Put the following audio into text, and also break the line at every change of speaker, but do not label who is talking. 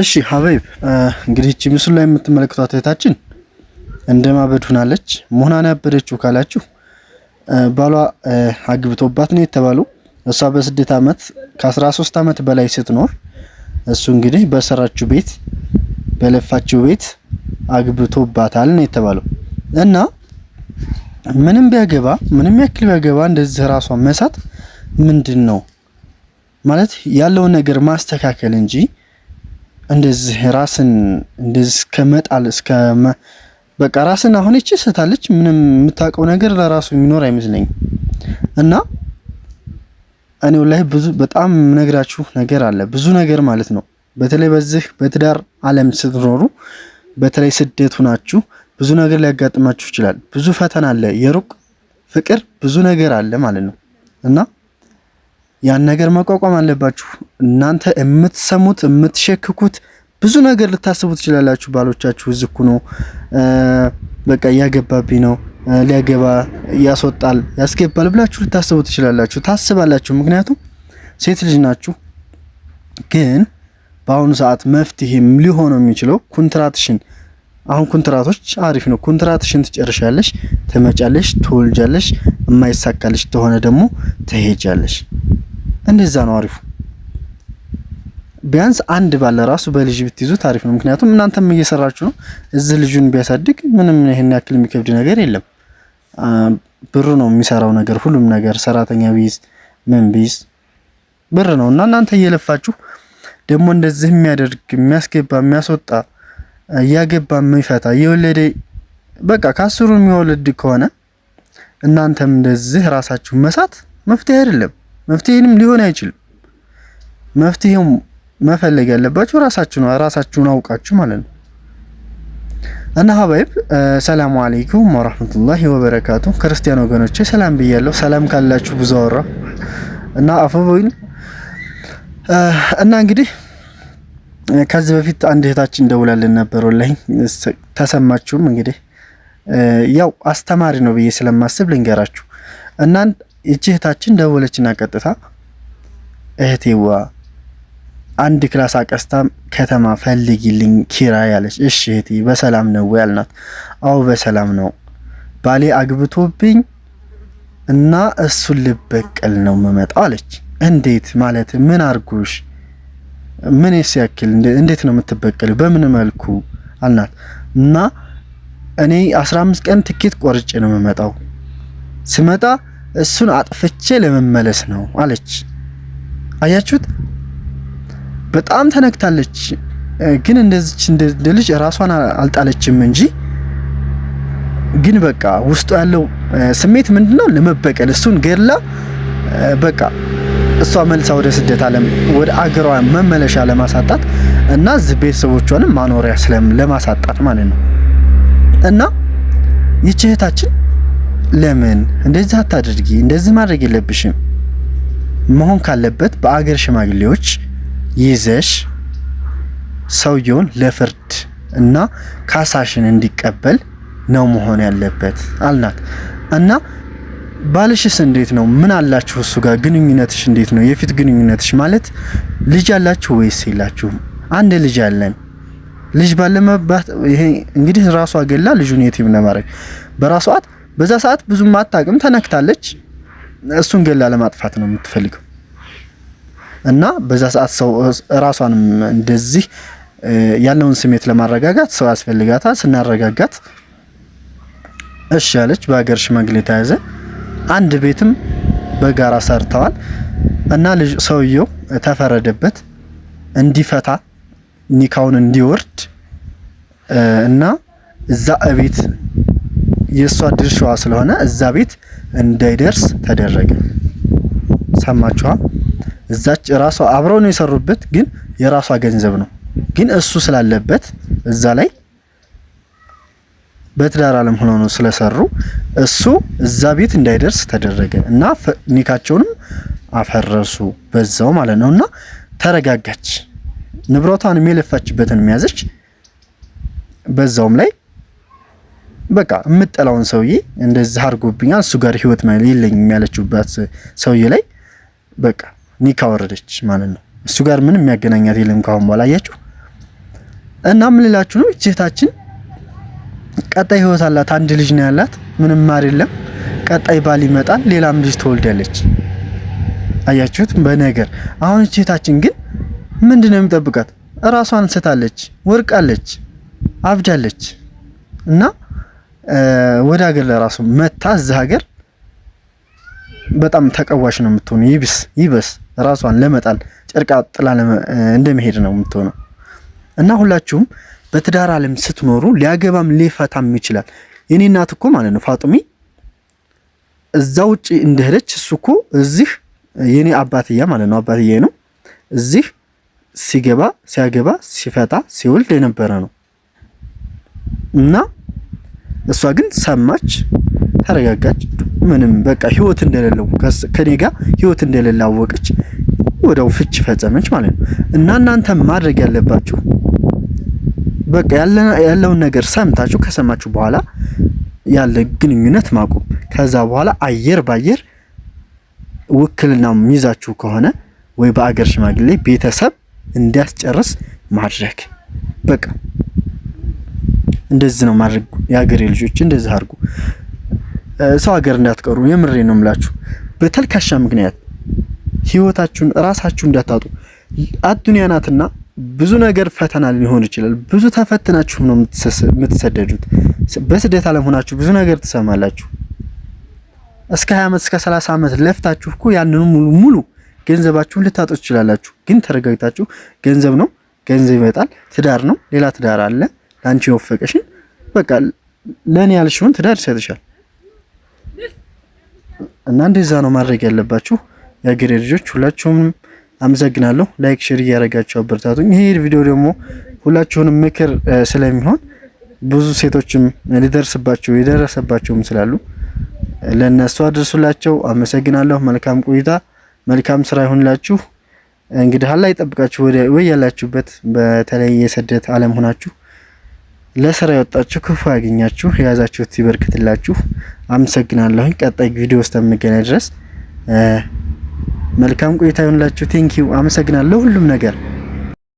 እሺ ሀበይብ እንግዲህ እቺ ምስሉ ላይ የምትመለከቷት እህታችን እንደማበድ ሁናለች። መሆናን ያበደችው ካላችሁ ባሏ አግብቶባት ነው የተባለው። እሷ በስደት ዓመት ከ13 ዓመት በላይ ስትኖር እሱ እንግዲህ በሰራችው ቤት በለፋችው ቤት አግብቶባታል ነው የተባለው እና ምንም ቢያገባ ምንም ያክል ቢያገባ እንደዚህ ራሷ መሳት ምንድን ነው ማለት ያለውን ነገር ማስተካከል እንጂ እንደዚህ ራስን እንደዚህ እስከመጣል እስከ በቃ ራስን አሁን እቺ ስታለች ምንም የምታውቀው ነገር ለራሱ የሚኖር አይመስለኝም። እና እኔው ላይ ብዙ በጣም ነግራችሁ ነገር አለ ብዙ ነገር ማለት ነው። በተለይ በዚህ በትዳር ዓለም ስትኖሩ በተለይ ስደቱ ናችሁ ብዙ ነገር ሊያጋጥማችሁ ይችላል። ብዙ ፈተና አለ፣ የሩቅ ፍቅር ብዙ ነገር አለ ማለት ነው እና ያን ነገር መቋቋም አለባችሁ። እናንተ የምትሰሙት የምትሸክኩት ብዙ ነገር ልታስቡ ትችላላችሁ። ባሎቻችሁ እዝኩ ነው በቃ እያገባብኝ ነው ሊያገባ ያስወጣል ያስገባል ብላችሁ ልታስቡ ትችላላችሁ፣ ታስባላችሁ። ምክንያቱም ሴት ልጅ ናችሁ። ግን በአሁኑ ሰዓት መፍትሄም ሊሆነው የሚችለው ኩንትራትሽን አሁን ኩንትራቶች አሪፍ ነው። ኩንትራትሽን ትጨርሻለሽ፣ ትመጫለሽ፣ ትወልጃለሽ። የማይሳካልሽ ተሆነ ደግሞ ትሄጃለሽ። እንደዛ ነው አሪፉ። ቢያንስ አንድ ባለ ራሱ በልጅ ብትይዙ ታሪፍ ነው። ምክንያቱም እናንተም እየሰራችሁ ነው። እዚህ ልጁን ቢያሳድግ ምንም ይህን ያክል የሚከብድ ነገር የለም። ብሩ ነው የሚሰራው ነገር ሁሉም ነገር ሰራተኛ ቢይዝ ምን ቢይዝ ብር ነው እና እናንተ እየለፋችሁ ደግሞ እንደዚህ የሚያደርግ የሚያስገባ የሚያስወጣ እያገባ የሚፈታ እየወለደ በቃ ከአስሩ የሚወለድ ከሆነ እናንተም እንደዚህ ራሳችሁ መሳት መፍትሄ አይደለም። መፍትሄንም ሊሆን አይችልም። መፍትሄም መፈለግ ያለባችሁ ራሳችሁ ነው፣ ራሳችሁን አውቃችሁ ማለት ነው። እና ሀባይብ ሰላሙ አለይኩም ወራህመቱላሂ ወበረካቱ። ክርስቲያን ወገኖቼ ሰላም ብያለሁ። ሰላም ካላችሁ ብዙ አወራ እና አፈቦይን እና እንግዲህ ከዚህ በፊት አንድ እህታችን ደውላልን ነበር። ወላሂ ተሰማችሁም እንግዲህ ያው አስተማሪ ነው ብዬ ስለማስብ ልንገራችሁ እና ይቺ እህታችን ደወለችና ቀጥታ እህቴዋ አንድ ክላስ አቀስታም ከተማ ፈልጊልኝ ኪራ ያለች። እሺ እህቴ በሰላም ነው ያልናት? አልናት። አዎ በሰላም ነው፣ ባሌ አግብቶብኝ እና እሱን ልበቀል ነው የምመጣው አለች። እንዴት ማለት ምን አርጉሽ? ምን ያክል እንዴት ነው የምትበቀል? በምን መልኩ አልናት። እና እኔ 15 ቀን ትኬት ቆርጬ ነው የምመጣው ስመጣ እሱን አጥፍቼ ለመመለስ ነው አለች። አያችሁት? በጣም ተነክታለች። ግን እንደዚች እንደ ልጅ ራሷን አልጣለችም እንጂ ግን በቃ ውስጡ ያለው ስሜት ምንድነው? ለመበቀል እሱን ገድላ በቃ እሷ መልሳ ወደ ስደት ዓለም ወደ አገሯ መመለሻ ለማሳጣት እና እዚህ ቤተሰቦቿንም ማኖሪያ ስለም ለማሳጣት ማለት ነው። እና ይቺ እህታችን ለምን እንደዚህ አታድርጊ፣ እንደዚህ ማድረግ የለብሽም መሆን ካለበት በአገር ሽማግሌዎች ይዘሽ ሰውየውን ለፍርድ እና ካሳሽን እንዲቀበል ነው መሆን ያለበት አልናት። እና ባልሽስ እንዴት ነው? ምን አላችሁ እሱ ጋር? ግንኙነትሽ እንዴት ነው? የፊት ግንኙነትሽ ማለት ልጅ አላችሁ ወይስ የላችሁም? አንድ ልጅ አለን። ልጅ ባለመባት ይሄ እንግዲህ ራሷ ገላ ልጁን የቲም ለማድረግ በራሷት በዛ ሰዓት ብዙም አታውቅም፣ ተነክታለች። እሱን ገላ ለማጥፋት ነው የምትፈልገው። እና በዛ ሰዓት ሰው ራሷንም እንደዚህ ያለውን ስሜት ለማረጋጋት ሰው ያስፈልጋታል። ስናረጋጋት እሺ አለች። በሀገር ሽማግሌ ተያዘ። አንድ ቤትም በጋራ ሰርተዋል እና ልጅ ሰውየው ተፈረደበት እንዲፈታ ኒካውን እንዲወርድ እና እዛ ቤት የእሷ ድርሻዋ ስለሆነ እዛ ቤት እንዳይደርስ ተደረገ። ሰማችኋ? እዛች ራሷ አብረው ነው የሰሩበት፣ ግን የራሷ ገንዘብ ነው። ግን እሱ ስላለበት እዛ ላይ በትዳር አለም ሆኖ ነው ስለሰሩ እሱ እዛ ቤት እንዳይደርስ ተደረገ እና ኒካቸውንም አፈረሱ በዛው ማለት ነው። እና ተረጋጋች፣ ንብረቷን የለፋችበትን የሚያዘች በዛውም ላይ በቃ የምጠላውን ሰውዬ እንደዚህ አድርጎብኛል እሱ ጋር ህይወት የለኝም ያለችበት ሰውዬ ላይ በቃ ኒካ ወረደች ማለት ነው። እሱ ጋር ምንም የሚያገናኛት የለም ካሁን በኋላ አያችሁ። እና ምን ልላችሁ ነው እህታችን ቀጣይ ህይወት አላት። አንድ ልጅ ነው ያላት፣ ምንም አይደለም። ቀጣይ ባል ይመጣል፣ ሌላም ልጅ ትወልዳለች። አያችሁት በነገር አሁን እህታችን ግን ነው የሚጠብቃት? ራሷን ስታለች፣ ወርቃለች፣ አብዳለች እና ወደ ሀገር ለራሱ መታ እዛ ሀገር በጣም ተቀዋሽ ነው የምትሆነው። ይብስ ይበስ ራሷን ለመጣል ጨርቃ ጥላ እንደመሄድ ነው የምትሆነው እና ሁላችሁም በትዳር አለም ስትኖሩ ሊያገባም ሊፈታም ይችላል። የኔ እናት እኮ ማለት ነው ፋጡሚ እዛ ውጭ እንደሄደች እሱ እኮ እዚህ የኔ አባትያ ማለት ነው አባትዬ ነው እዚህ ሲገባ ሲያገባ ሲፈታ ሲወልድ የነበረ ነው እና እሷ ግን ሰማች፣ ተረጋጋች፣ ምንም በቃ ህይወት እንደሌለው ከኔ ጋር ህይወት እንደሌለ አወቀች። ወደው ፍች ፈጸመች ማለት ነው። እና እናንተ ማድረግ ያለባችሁ በቃ ያለውን ነገር ሰምታችሁ ከሰማችሁ በኋላ ያለ ግንኙነት ማቆም። ከዛ በኋላ አየር ባየር ውክልና ይዛችሁ ከሆነ ወይ በአገር ሽማግሌ ቤተሰብ እንዲያስጨርስ ማድረግ በቃ እንደዚህ ነው ማድረግ። የአገሬ ልጆች እንደዚህ አድርጉ። ሰው ሀገር እንዳትቀሩ። የምሬ ነው የምላችሁ። በተልካሻ ምክንያት ህይወታችሁን ራሳችሁ እንዳታጡ። አዱንያ ናትና ብዙ ነገር ፈተና ሊሆን ይችላል። ብዙ ተፈትናችሁ ነው የምትሰደዱት። በስደት አለም ሆናችሁ ብዙ ነገር ትሰማላችሁ። እስከ 20 ዓመት እስከ 30 ዓመት ለፍታችሁ እኮ ያንኑ ሙሉ ሙሉ ገንዘባችሁን ልታጡ ትችላላችሁ። ግን ተረጋግታችሁ ገንዘብ ነው ገንዘብ ይመጣል። ትዳር ነው ሌላ ትዳር አለ። ለአንቺ የወፈቀሽን በቃ ለእኔ ያልሽውን ትዳር ይሰጥሻል። እና እንደዛ ነው ማድረግ ያለባችሁ የአገሬ ልጆች ሁላችሁም አመሰግናለሁ። ላይክ ሼር እያደረጋችሁ አበረታቱኝ። ይሄ ቪዲዮ ደግሞ ሁላችሁንም ምክር ስለሚሆን ብዙ ሴቶችም ሊደርስባቸው የደረሰባቸውም ስላሉ ለነሱ አድርሱላቸው። አመሰግናለሁ። መልካም ቆይታ፣ መልካም ስራ ይሁንላችሁ። እንግዲህ አላህ ይጠብቃችሁ። ወይ ያላችሁበት በተለይ የስደት ዓለም ሆናችሁ ለስራ ያወጣችሁ ክፉ ያገኛችሁ የያዛችሁት ይበርክትላችሁ። አመሰግናለሁኝ። ቀጣይ ቪዲዮ ውስጥ ድረስ መልካም ቆይታ ይሆንላችሁ። ቴንኪው። አመሰግናለሁ ሁሉም ነገር